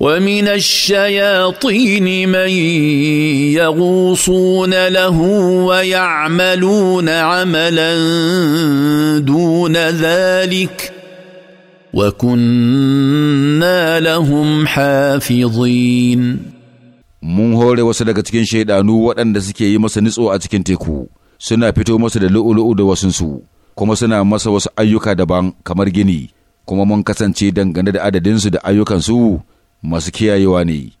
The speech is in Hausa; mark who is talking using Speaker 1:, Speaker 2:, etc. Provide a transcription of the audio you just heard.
Speaker 1: ومن الشياطين من يغوصون له ويعملون عملا دون ذلك
Speaker 2: وكنا
Speaker 1: لهم
Speaker 3: حافظين mun hore wasu daga cikin shaidanu waɗanda suke
Speaker 4: yi masa nitso a cikin teku suna fito masa da lu'ulu'u da wasunsu kuma suna masa wasu ayyuka daban kamar gini kuma mun kasance dangane da adadinsu da ayyukansu
Speaker 5: masu kiyayewa ne.